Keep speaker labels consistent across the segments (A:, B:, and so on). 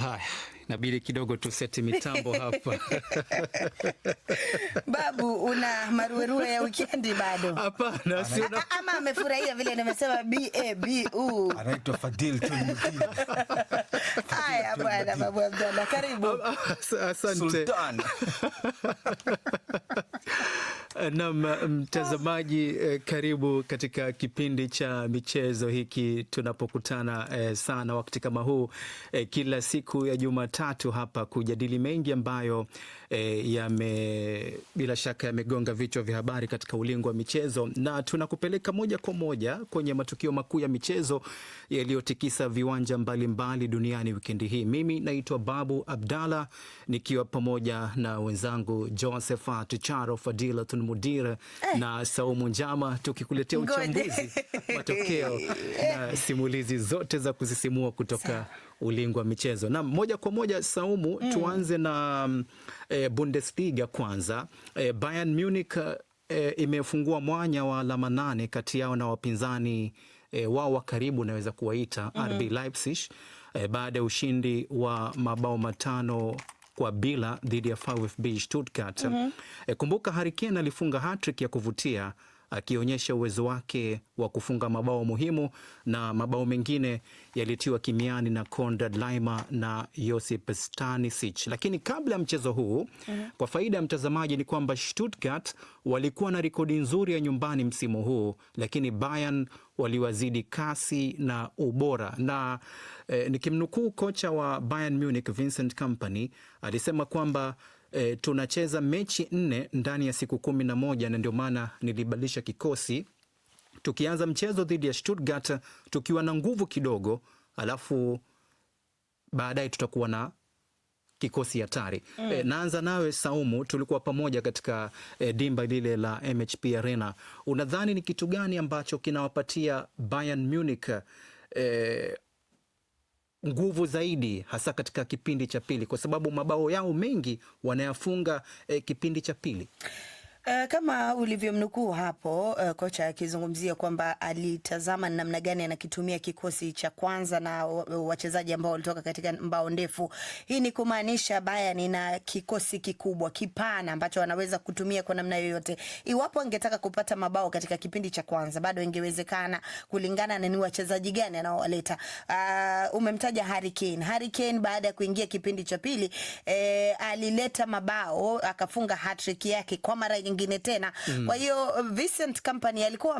A: Haya, inabidi kidogo tu seti mitambo hapa.
B: Babu, una maruerue ya wikendi bado?
A: Hapana, si na...
B: ama amefurahia vile nimesema B A B U.
C: Anaitwa Fadil tu.
B: Haya bwana, Babu Abdalla, karibu.
A: Asante.
C: Sultan.
A: Na mtazamaji, eh, karibu katika kipindi cha michezo hiki tunapokutana eh, sana wakati kama huu eh, kila siku ya Jumatatu hapa kujadili mengi ambayo yame bila shaka yamegonga vichwa vya habari katika ulingo wa michezo, na tunakupeleka moja kwa moja kwenye matukio makuu ya michezo yaliyotikisa viwanja mbalimbali mbali duniani wikendi hii. Mimi naitwa Babu Abdalla nikiwa pamoja na wenzangu Josephat Charo Fadila Tun Mudir eh, na Saumu Njama tukikuletea uchambuzi matokeo na simulizi zote za kusisimua kutoka Sa ulingo wa michezo. Na moja kwa moja Saumu, mm, tuanze na e, Bundesliga kwanza. E, Bayern Munich e, imefungua mwanya wa alama nane kati yao na wapinzani e, wao wa karibu naweza kuwaita, mm -hmm, RB Leipzig e, baada ya ushindi wa mabao matano kwa bila dhidi ya VfB Stuttgart. Mm -hmm. E, kumbuka Harry Kane alifunga hattrick ya kuvutia akionyesha uwezo wake wa kufunga mabao muhimu, na mabao mengine yalitiwa kimiani na Konrad Laimer na Josip Stanisic. Lakini kabla ya mchezo huu -huh. Mhm. kwa faida ya mtazamaji ni kwamba Stuttgart walikuwa na rekodi nzuri ya nyumbani msimu huu, lakini Bayern waliwazidi kasi na ubora na eh, nikimnukuu kocha wa Bayern Munich Vincent Kompany alisema kwamba e, tunacheza mechi nne ndani ya siku kumi na moja na ndio maana nilibadilisha kikosi tukianza mchezo dhidi ya Stuttgart tukiwa na nguvu kidogo, alafu baadaye tutakuwa na kikosi hatari e, mm. E, naanza nawe Saumu, tulikuwa pamoja katika e, dimba lile la MHP Arena. Unadhani ni kitu gani ambacho kinawapatia Bayern Munich e, nguvu zaidi hasa katika kipindi cha pili, kwa sababu mabao yao mengi wanayafunga eh, kipindi cha pili.
B: Uh, kama ulivyomnukuu hapo uh, kocha akizungumzia kwamba alitazama namna gani anakitumia kikosi cha kwanza na wachezaji ambao walitoka katika mbao ndefu. Hii ni kumaanisha Bayern ina kikosi kikubwa kipana ambacho wanaweza kutumia kwa namna yoyote. Iwapo angetaka kupata mabao katika kipindi cha kwanza bado ingewezekana kulingana na ni wachezaji gani anaowaleta. Uh, umemtaja Harry Kane. Harry Kane baada ya kuingia kipindi cha pili eh, alileta mabao akafunga hat-trick yake kwa mara nyingine tena mm. Kwa hiyo Vincent Company alikuwa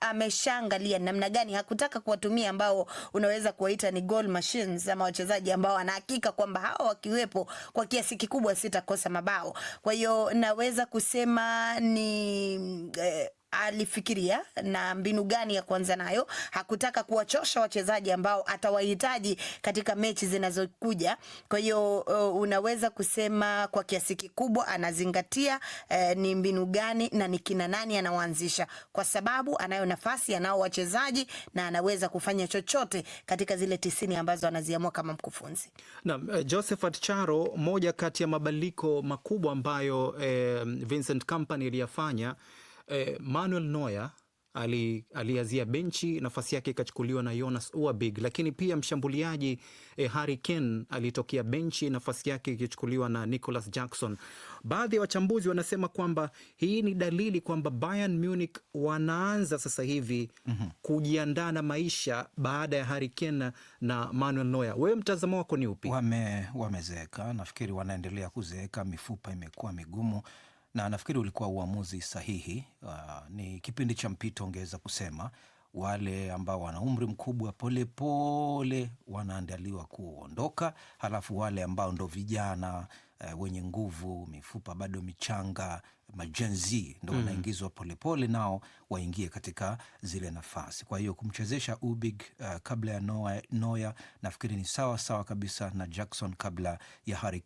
B: ameshaangalia namna gani, hakutaka kuwatumia ambao unaweza kuwaita ni goal machines ama wachezaji ambao anahakika kwamba hao wakiwepo kwa kiasi kikubwa sitakosa mabao. Kwa hiyo naweza kusema ni eh, alifikiria na mbinu gani ya kuanza nayo. Hakutaka kuwachosha wachezaji ambao atawahitaji katika mechi zinazokuja. Kwa hiyo uh, unaweza kusema kwa kiasi kikubwa anazingatia uh, ni mbinu gani na ni kina nani anaoanzisha, kwa sababu anayo nafasi, anao wachezaji na anaweza kufanya chochote katika zile tisini ambazo anaziamua kama mkufunzi.
A: Naam, eh, Josephat Charo, moja kati ya mabadiliko makubwa ambayo eh, Vincent Company iliyafanya eh, Manuel Neuer ali, aliazia benchi, nafasi yake ikachukuliwa na Jonas Uabig, lakini pia mshambuliaji eh, Harry Kane alitokea benchi, nafasi yake ikichukuliwa na Nicolas Jackson. Baadhi ya wa wachambuzi wanasema kwamba hii ni dalili kwamba Bayern Munich wanaanza sasa hivi mm -hmm. kujiandaa na maisha baada ya Harry Kane na Manuel Neuer. Wewe mtazamo wako ni upi?
C: Wame, wamezeeka nafikiri, wanaendelea kuzeeka, mifupa imekuwa migumu na nafikiri ulikuwa uamuzi sahihi. Uh, ni kipindi cha mpito, ungeweza kusema wale ambao wana umri mkubwa polepole wanaandaliwa kuondoka, halafu wale ambao ndo vijana uh, wenye nguvu, mifupa bado michanga majenzi ndo mm. wanaingizwa mm. polepole nao waingie katika zile nafasi. Kwa hiyo kumchezesha Ubig uh, kabla ya Noya, Noya nafikiri ni sawa sawa kabisa na Jackson kabla ya Harry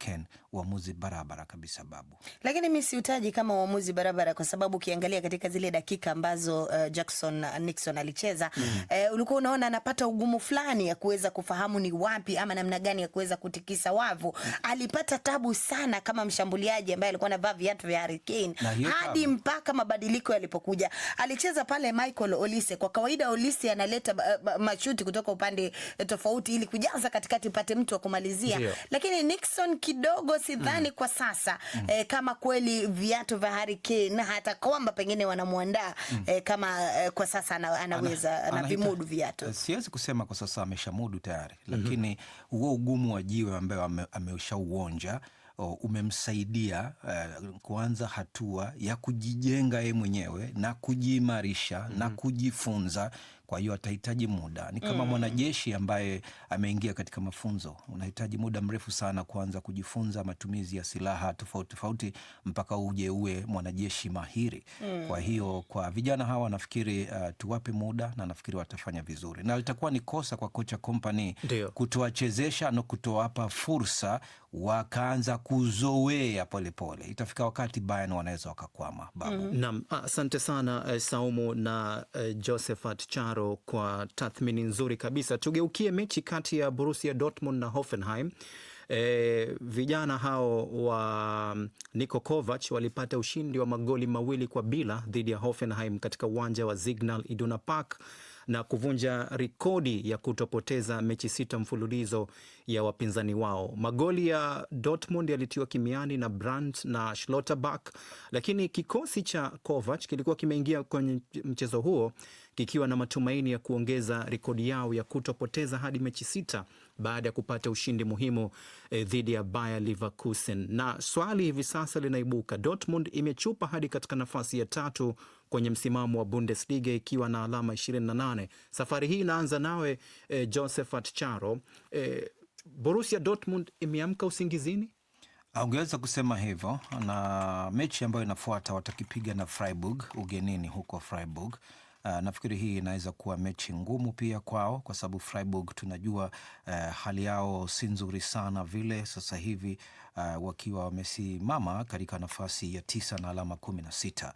C: uamuzi barabara kabisa Babu.
B: Lakini mi siutaji kama uamuzi barabara kwa sababu ukiangalia katika zile dakika ambazo uh, Jackson uh, Nixon alicheza mm. eh, ulikuwa unaona anapata ugumu fulani ya kuweza kufahamu ni wapi ama namna gani ya kuweza kutikisa wavu. Mm. Alipata tabu sana kama mshambuliaji ambaye alikuwa anavaa viatu vya Harry Spain hadi mpaka mabadiliko yalipokuja. Alicheza pale Michael Olise. Kwa kawaida Olise analeta uh, mashuti kutoka upande eh, tofauti ili kujaza katikati pate mtu wa kumalizia. Zio. Lakini Nixon kidogo sidhani mm. kwa sasa mm. eh, kama kweli viatu vya Harry Kane hata kwamba pengine wanamwandaa mm. eh, kama eh, kwa sasa ana, anaweza ana, vimudu viatu.
C: Eh, siwezi kusema kwa sasa ameshamudu tayari, mhm. lakini mm -hmm. huo ugumu wa jiwe ambayo ame, Oh, umemsaidia uh, kuanza hatua ya kujijenga yeye mwenyewe na kujiimarisha mm -hmm. na mhm. kujifunza kwa hiyo atahitaji muda, ni kama mm. mwanajeshi ambaye ameingia katika mafunzo, unahitaji muda mrefu sana kuanza kujifunza matumizi ya silaha tofauti tofauti mpaka uje uwe mwanajeshi mahiri mm. Kwa hiyo kwa vijana hawa nafikiri uh, tuwape muda na nafikiri watafanya vizuri, na litakuwa ni kosa kwa kocha company kutowachezesha na kutowapa fursa wakaanza kuzoea polepole. Itafika wakati Bayern wanaweza wakakwama. Babu,
A: mm-hmm. naam, asante sana eh, Saumu na eh, Josephat Charo. Alvaro kwa tathmini nzuri kabisa. Tugeukie mechi kati ya Borussia Dortmund na Hoffenheim. E, vijana hao wa Niko Kovac walipata ushindi wa magoli mawili kwa bila dhidi ya Hoffenheim katika uwanja wa Signal Iduna Park na kuvunja rekodi ya kutopoteza mechi sita mfululizo ya wapinzani wao. Magoli ya Dortmund yalitiwa kimiani na Brandt na Schlotterbeck, lakini kikosi cha Kovac kilikuwa kimeingia kwenye mchezo huo kikiwa na matumaini ya kuongeza rekodi yao ya kutopoteza hadi mechi sita baada ya kupata ushindi muhimu eh, dhidi ya Bayer Leverkusen. Na swali hivi sasa linaibuka, Dortmund imechupa hadi katika nafasi ya tatu kwenye msimamo wa Bundesliga ikiwa na alama 28. Safari hii inaanza nawe e, eh, Josephat Charo. e, eh, Borussia Dortmund imeamka usingizini?
C: Ungeweza kusema hivyo, na mechi ambayo inafuata watakipiga na Freiburg ugenini huko Freiburg. Uh, nafikiri hii inaweza kuwa mechi ngumu pia kwao kwa sababu Freiburg tunajua uh, hali yao si nzuri sana vile sasa hivi uh, wakiwa wamesimama katika nafasi ya tisa na alama kumi na sita.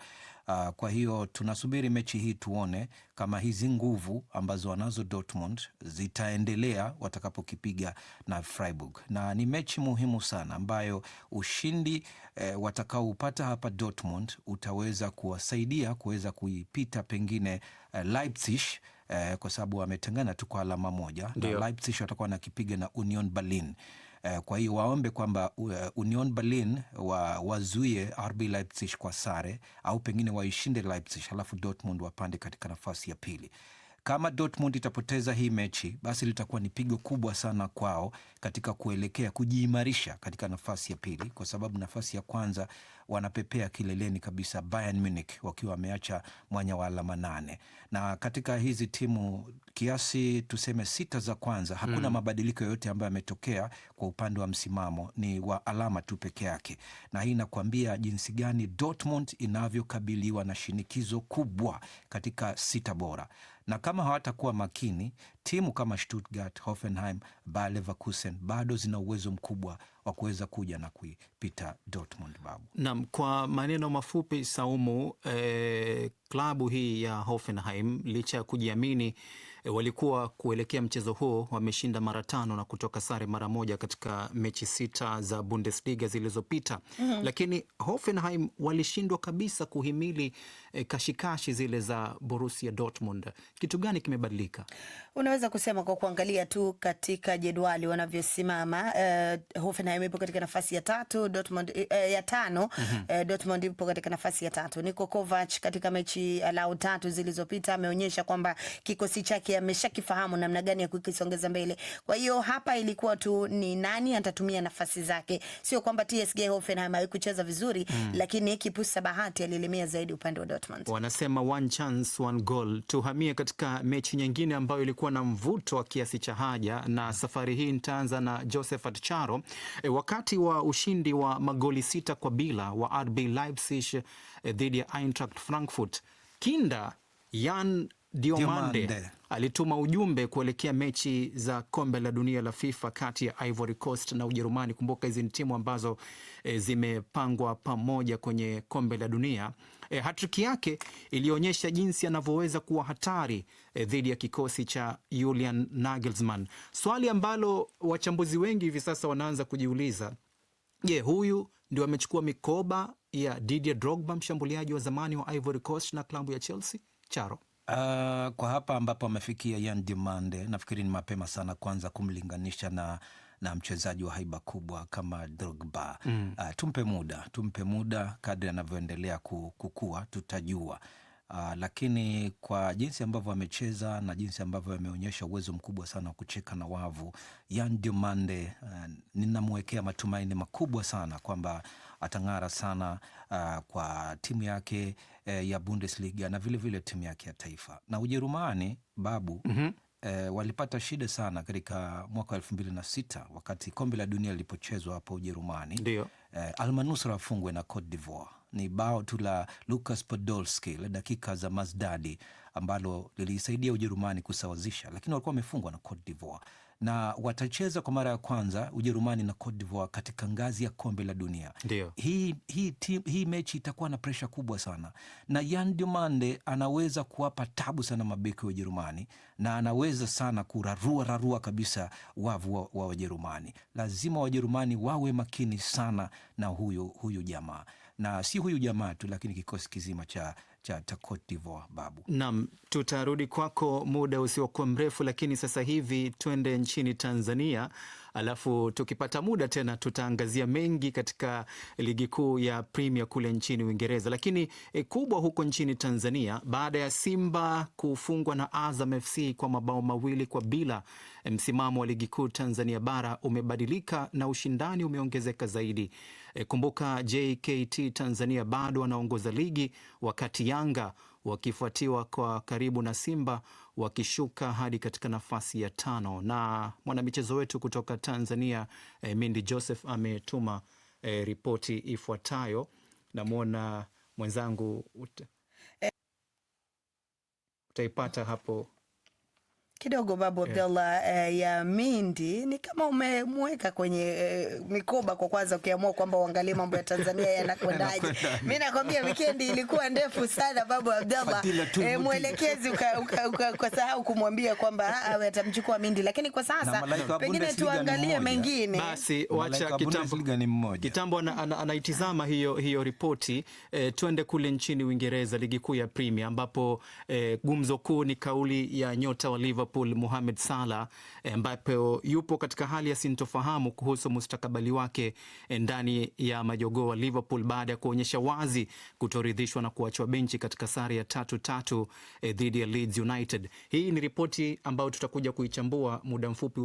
C: Uh, kwa hiyo tunasubiri mechi hii tuone kama hizi nguvu ambazo wanazo Dortmund zitaendelea watakapokipiga na Freiburg, na ni mechi muhimu sana ambayo ushindi eh, watakaoupata hapa Dortmund utaweza kuwasaidia kuweza kuipita pengine eh, Leipzig eh, kwa sababu wametengana tu kwa alama moja na Leipzig watakuwa nakipiga na Union Berlin. Eh, kwa hiyo waombe kwamba eh, Union Berlin wa, wazuie RB Leipzig kwa sare au pengine waishinde Leipzig, halafu Dortmund wapande katika nafasi ya pili. Kama Dortmund itapoteza hii mechi, basi litakuwa ni pigo kubwa sana kwao katika kuelekea kujiimarisha katika nafasi ya pili, kwa sababu nafasi ya kwanza wanapepea kileleni kabisa Bayern Munich wakiwa wameacha mwanya wa alama nane, na katika hizi timu kiasi tuseme sita za kwanza hakuna mm. mabadiliko yoyote ambayo yametokea kwa upande wa msimamo, ni wa alama tu peke yake, na hii inakuambia jinsi gani Dortmund inavyokabiliwa na shinikizo kubwa katika sita bora na kama hawatakuwa makini timu kama Stuttgart, Hoffenheim, Bayer Leverkusen bado zina uwezo mkubwa wa kuweza kuja na kuipita Dortmund babu.
A: Naam, kwa maneno mafupi Saumu, eh, klabu hii ya Hoffenheim licha ya kujiamini eh, walikuwa kuelekea mchezo huo wameshinda mara tano na kutoka sare mara moja katika mechi sita za Bundesliga zilizopita. mm -hmm. Lakini Hoffenheim walishindwa kabisa kuhimili eh, kashikashi zile za Borussia Dortmund. Kitu gani kimebadilika?
B: Unaweza tunaweza kusema kwa kuangalia tu katika jedwali wanavyosimama, uh, Hoffenheim ipo katika nafasi ya tatu, Dortmund, uh, ya tano mm -hmm. uh, Dortmund ipo katika nafasi ya tatu. Niko Kovac katika mechi alau tatu zilizopita ameonyesha kwamba kikosi chake ameshakifahamu namna gani ya kukisongeza mbele. Kwa hiyo hapa ilikuwa tu ni nani atatumia nafasi zake, sio kwamba TSG Hoffenheim haikucheza vizuri mm. -hmm. lakini kipusa bahati alilemea zaidi upande wa Dortmund.
A: Wanasema one chance one goal. Tuhamie katika mechi nyingine ambayo ilikuwa na mvuto wa kiasi cha haja, na safari hii nitaanza na Josephat Charo. E, wakati wa ushindi wa magoli sita kwa bila wa RB Leipzig eh, dhidi ya Eintracht Frankfurt, kinda yan Diomande, alituma ujumbe kuelekea mechi za kombe la dunia la FIFA kati ya Ivory Coast na Ujerumani. Kumbuka hizi ni timu ambazo e, zimepangwa pamoja kwenye kombe la dunia. E, hatrick yake ilionyesha jinsi anavyoweza kuwa hatari e, dhidi ya kikosi cha Julian Nagelsmann. Swali ambalo wachambuzi wengi hivi sasa wanaanza kujiuliza, je, huyu ndio amechukua mikoba ya Didier Drogba mshambuliaji wa zamani wa Ivory Coast na klabu ya Chelsea? Charo.
C: Uh, kwa hapa ambapo amefikia Yan Dimande nafikiri ni mapema sana kwanza kumlinganisha na na mchezaji wa haiba kubwa kama Drogba. Mm. Uh, tumpe muda, tumpe muda, kadri anavyoendelea kukua tutajua. Uh, lakini kwa jinsi ambavyo amecheza na jinsi ambavyo ameonyesha uwezo mkubwa sana wa kucheka na wavu, Yan Diomande uh, ah, ninamwekea matumaini makubwa sana kwamba atang'ara sana uh, kwa timu yake uh, ya Bundesliga na vilevile vile timu yake ya taifa na Ujerumani babu. mm -hmm e, walipata shida sana katika mwaka wa elfu mbili na sita wakati kombe la dunia lilipochezwa hapo Ujerumani. Ndio e, eh, almanusra afungwe na Cote d'Ivoire. Ni bao tu la Lukas Podolski la dakika za mazdadi ambalo lilisaidia Ujerumani kusawazisha, lakini walikuwa wamefungwa na Cote d'Ivoire na watacheza kwa mara ya kwanza Ujerumani na Cote d'Ivoire katika ngazi ya kombe la dunia. Ndio. Hii, hii, team, hii mechi itakuwa na presha kubwa sana, na Yan Dumande anaweza kuwapa tabu sana mabeki wa Ujerumani na anaweza sana kurarua rarua kabisa wavu wa Wajerumani. Lazima Wajerumani wawe makini sana na huyu huyu jamaa na si huyu jamaa tu, lakini kikosi kizima cha cha, Cote d'Ivoire Babu.
A: Naam, tutarudi kwako muda usiokuwa mrefu, lakini sasa hivi twende nchini Tanzania alafu tukipata muda tena tutaangazia mengi katika ligi kuu ya Premier kule nchini Uingereza. Lakini e, kubwa huko nchini Tanzania baada ya Simba kufungwa na Azam FC kwa mabao mawili kwa bila, eh, msimamo wa ligi kuu Tanzania bara umebadilika na ushindani umeongezeka zaidi. E, kumbuka JKT Tanzania bado wanaongoza ligi wakati Yanga wakifuatiwa kwa karibu na Simba wakishuka hadi katika nafasi ya tano. Na mwanamichezo wetu kutoka Tanzania eh, Mindi Joseph ametuma eh, ripoti ifuatayo. Namwona mwenzangu uta, eh. utaipata hapo
B: kidogo Babu Abdallah yeah. Uh, ya Mindi ni kama umemweka kwenye eh, mikoba kwa kwanza, ukiamua kwamba uangalie mambo ya Tanzania yanakwendaje. Mi nakwambia wikendi ilikuwa ndefu sana Babu Abdallah eh, mwelekezi ukasahau kumwambia kwamba ah, ah, atamchukua Mindi, lakini kwa sasa pengine tuangalie mengine.
A: Basi wacha kitambo, kitambo anaitizama ana, hiyo, hiyo ripoti eh, tuende kule nchini Uingereza, ligi kuu ya Premier ambapo eh, gumzo kuu ni kauli ya nyota wa Liverpool Liverpool Mohamed Salah ambapo yupo katika hali ya sintofahamu kuhusu mustakabali wake ndani ya majogoo wa Liverpool baada ya kuonyesha wazi kutoridhishwa na kuachwa benchi katika sare ya tatu tatu e, dhidi ya Leeds United. Hii ni ripoti ambayo tutakuja kuichambua muda mfupi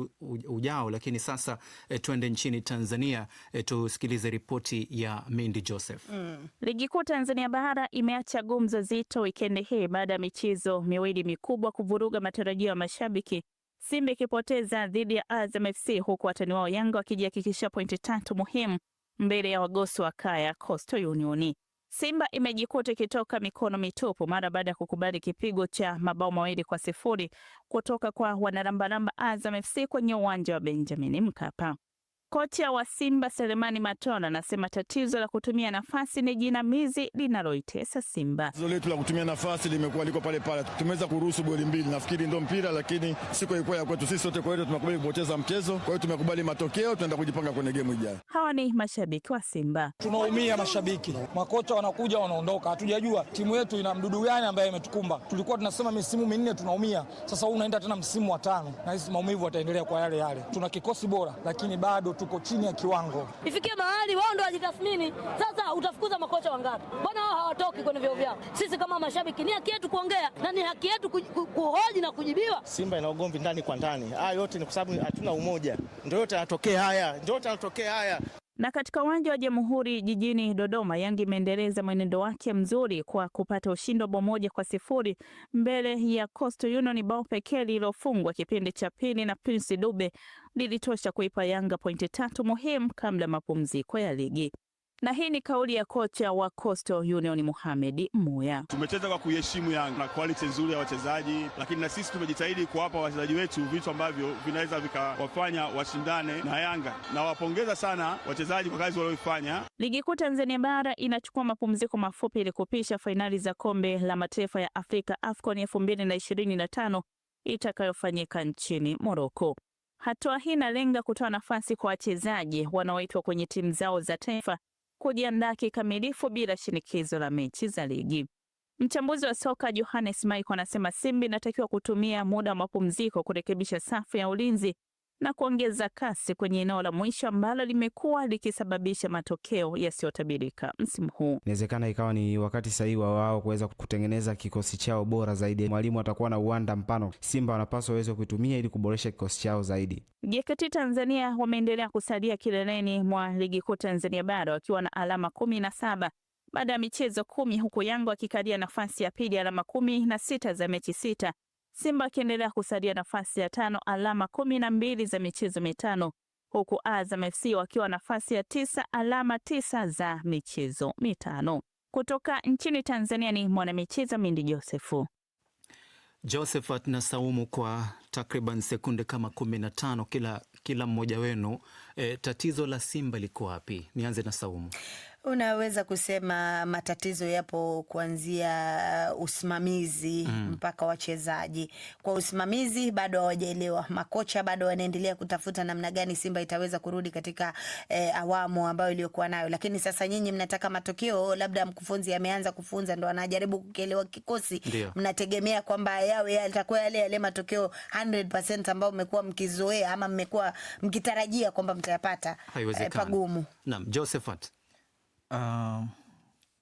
A: ujao, lakini sasa e, twende nchini Tanzania e, tusikilize ripoti ya Mindi Joseph. Mm.
D: Ligi kuu Tanzania bara imeacha gumzo zito wikendi hii baada ya michezo miwili mikubwa kuvuruga matarajio ya mashabiki Simba ikipoteza dhidi ya Azam FC huku watani wao Yanga wakijihakikishia pointi tatu muhimu mbele ya wagosi wa kaya Coastal Union. Simba imejikuta ikitoka mikono mitupu mara baada ya kukubali kipigo cha mabao mawili kwa sifuri kutoka kwa wanarambaramba Azam FC kwenye uwanja wa Benjamin Mkapa. Kocha wa Simba Selemani Matola anasema tatizo la kutumia nafasi ni jinamizi linaloitesa Simba.
E: Tatizo letu la kutumia nafasi limekuwa liko pale pale, tumeweza kuruhusu goli mbili, nafikiri ndio mpira, lakini siku ilikuwa ya kwetu sisi sote, kwa hiyo tumekubali kupoteza mchezo, kwa hiyo tumekubali matokeo, tunaenda kujipanga kwenye gemu ijayo.
D: Hawa ni mashabiki wa Simba,
F: tunaumia mashabiki, makocha wanakuja wanaondoka, hatujajua timu yetu ina mdudu gani ambaye imetukumba. Tulikuwa tunasema misimu minne tunaumia, sasa huu unaenda tena msimu wa tano, na hisi maumivu yataendelea kwa yale yale. Tuna kikosi bora, lakini bado tuko chini ya kiwango.
G: Ifikie mahali wao ndio wajitathmini sasa. Utafukuza makocha wangapi? Mbona wao hawatoki kwenye vyeo vyao? Sisi kama mashabiki ni haki yetu kuongea na ni haki yetu kuhoji na kujibiwa.
H: Simba ina ugomvi ndani kwa ndani, haya yote ni kwa sababu hatuna umoja. Ndio yote yanatokea haya, ndio yote yanatokea haya.
D: Na katika uwanja wa Jamhuri jijini Dodoma, Yanga imeendeleza mwenendo wake mzuri kwa kupata ushindi wa bao moja kwa sifuri mbele ya Coastal Union. Bao pekee lililofungwa kipindi cha pili na Prince Dube lilitosha kuipa Yanga pointi tatu muhimu kabla mapumziko ya ligi na hii ni kauli ya kocha wa Coastal Union Mohamed Muya.
I: Tumecheza kwa kuheshimu Yanga na quality nzuri ya wachezaji, lakini na sisi tumejitahidi kuwapa wachezaji wetu vitu ambavyo vinaweza vikawafanya washindane na Yanga. Nawapongeza sana wachezaji kwa kazi walioifanya.
D: Ligi Kuu Tanzania Bara inachukua mapumziko mafupi ili kupisha fainali za kombe la mataifa ya Afrika AFCON 2025 itakayofanyika nchini Moroko. Hatua hii inalenga kutoa nafasi kwa wachezaji wanaoitwa kwenye timu zao za taifa kujiandaa kikamilifu bila shinikizo la mechi za ligi. Mchambuzi wa soka Johannes Michael anasema Simba inatakiwa kutumia muda wa mapumziko kurekebisha safu ya ulinzi na kuongeza kasi kwenye eneo la mwisho ambalo limekuwa likisababisha matokeo yasiyotabirika msimu huu.
J: Inawezekana ikawa ni wakati sahihi wa wao kuweza kutengeneza kikosi chao bora zaidi. Mwalimu atakuwa na uwanda mpano, Simba wanapaswa waweze kuitumia ili kuboresha kikosi chao zaidi.
D: JKT Tanzania wameendelea kusalia kileleni mwa ligi kuu Tanzania bara wakiwa na alama kumi na saba baada ya michezo kumi huku Yanga akikalia nafasi ya pili alama kumi na sita za mechi sita Simba akiendelea kusalia nafasi ya tano alama kumi na mbili za michezo mitano huku Azam FC wakiwa nafasi ya tisa alama tisa za michezo mitano. Kutoka nchini Tanzania ni mwanamichezo Mindi Josefu.
A: Josephat na Saumu, kwa takriban sekunde kama kumi na tano kila, kila mmoja wenu e, tatizo la Simba liko wapi? Nianze na Saumu.
B: Unaweza kusema matatizo yapo kuanzia usimamizi mm. mpaka wachezaji. Kwa usimamizi bado hawajaelewa, makocha bado wanaendelea kutafuta namna gani Simba itaweza kurudi katika eh, awamu ambayo iliyokuwa nayo, lakini sasa nyinyi mnataka matokeo, labda mkufunzi ameanza kufunza ndo anajaribu kukielewa kikosi Dio. mnategemea kwamba yawe yatakuwa yale yale matokeo 100% ambayo mmekuwa mkizoea ama mmekuwa mkitarajia kwamba mtayapata.
A: Eh, pagumu. Naam, Josephat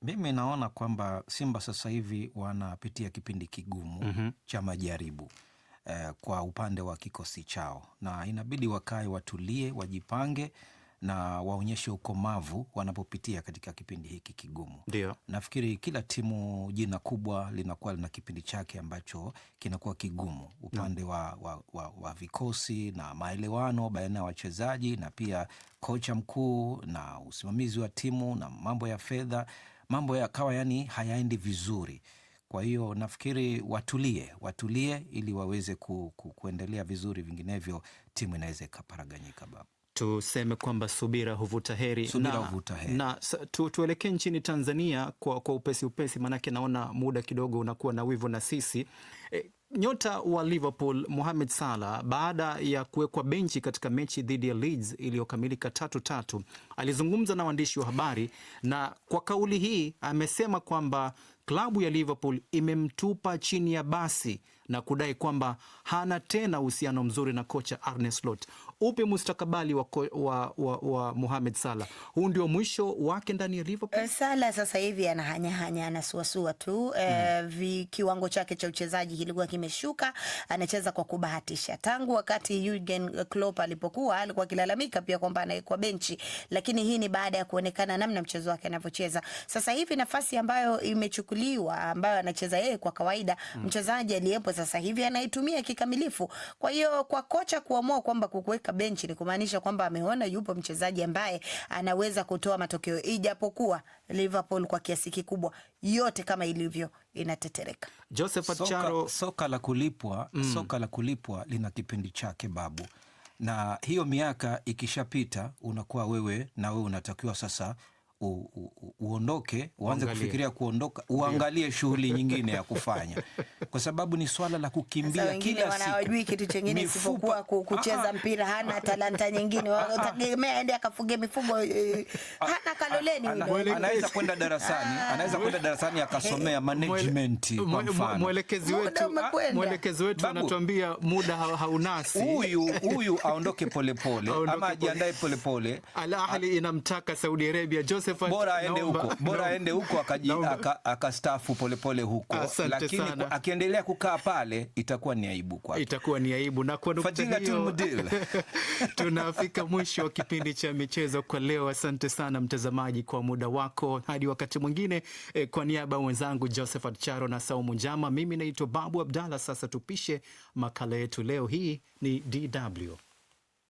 C: mimi naona kwamba Simba sasa hivi wanapitia kipindi kigumu mm -hmm. cha majaribu eh, kwa upande wa kikosi chao na inabidi wakae watulie, wajipange na waonyeshe ukomavu wanapopitia katika kipindi hiki kigumu. Ndio nafikiri kila timu jina kubwa linakuwa lina kipindi chake ambacho kinakuwa kigumu upande wa, wa, wa, wa vikosi na maelewano baina ya wachezaji na pia kocha mkuu na usimamizi wa timu na mambo ya fedha, mambo yakawa yani hayaendi vizuri. Kwa hiyo nafikiri watulie, watulie ili waweze ku, ku, kuendelea vizuri, vinginevyo timu inaweza ikaparaganyika baba
A: tuseme kwamba subira huvuta heri,
C: subira na, huvuta heri.
A: Na tu, tuelekee nchini Tanzania kwa, kwa upesi upesi, maanake naona muda kidogo unakuwa na wivu na sisi e, nyota wa Liverpool Mohamed Salah baada ya kuwekwa benchi katika mechi dhidi ya Leeds iliyokamilika tatu tatu, alizungumza na waandishi wa habari na kwa kauli hii amesema kwamba klabu ya Liverpool imemtupa chini ya basi na kudai kwamba hana tena uhusiano mzuri na kocha Arne Slot. Upi mustakabali wa, wa, wa, wa Mohamed Salah? Huu ndio mwisho wake ndani ya Liverpool. Eh,
B: Salah sasa hivi anahanyahanya, anasuasua tu e, mm. kiwango chake cha uchezaji kilikuwa kimeshuka, anacheza kwa kubahatisha. Tangu wakati Jurgen Klopp alipokuwa alikuwa akilalamika pia kwamba anawekwa benchi, lakini hii ni baada ya kuonekana namna mchezo wake anavyocheza sasa hivi, nafasi ambayo imechukuliwa ambayo anacheza yeye kwa kawaida mm. mchezaji aliyepo sasa hivi anaitumia kikamilifu. Kwa hiyo kwa kocha kuamua kwamba kukuweka benchi ni kumaanisha kwamba ameona yupo mchezaji ambaye anaweza kutoa matokeo, ijapokuwa Liverpool kwa kiasi kikubwa yote kama ilivyo inatetereka.
A: Joseph Charo,
C: soka la kulipwa mm. soka la kulipwa lina kipindi chake babu na hiyo miaka ikishapita, unakuwa wewe na wewe unatakiwa sasa uondoke, uanze kufikiria kuondoka, uangalie shughuli nyingine ya kufanya, kwa sababu ni swala la kukimbia kila siku. Hawajui
B: kitu chengine isipokuwa ah, kucheza ah. mpira, hana talanta nyingine, ah, tegemea ende akafuge mifugo, eh, hana kaloleni.
C: Anaweza kwenda darasani, anaweza kwenda darasani akasomea eh, management
A: Mwelekezi wetu mwelekezi wetu anatuambia muda haunasi,
C: huyu huyu aondoke polepole ama ajiandae polepole.
A: Al Ahli inamtaka Saudi Arabia joseph
C: bora aende huko, bora aende huko akastafu polepole huko, lakini akiendelea kukaa pale itakuwa ni aibu kwake,
A: itakuwa ni aibu. Na kwa
C: nukta hiyo
A: tunafika mwisho wa kipindi cha michezo kwa leo. Asante sana mtazamaji kwa muda wako, hadi wakati mwingine. Eh, kwa niaba ya wenzangu Josephat Charo na Saumu Njama, mimi naitwa Babu Abdalla. Sasa tupishe makala yetu leo hii ni DW.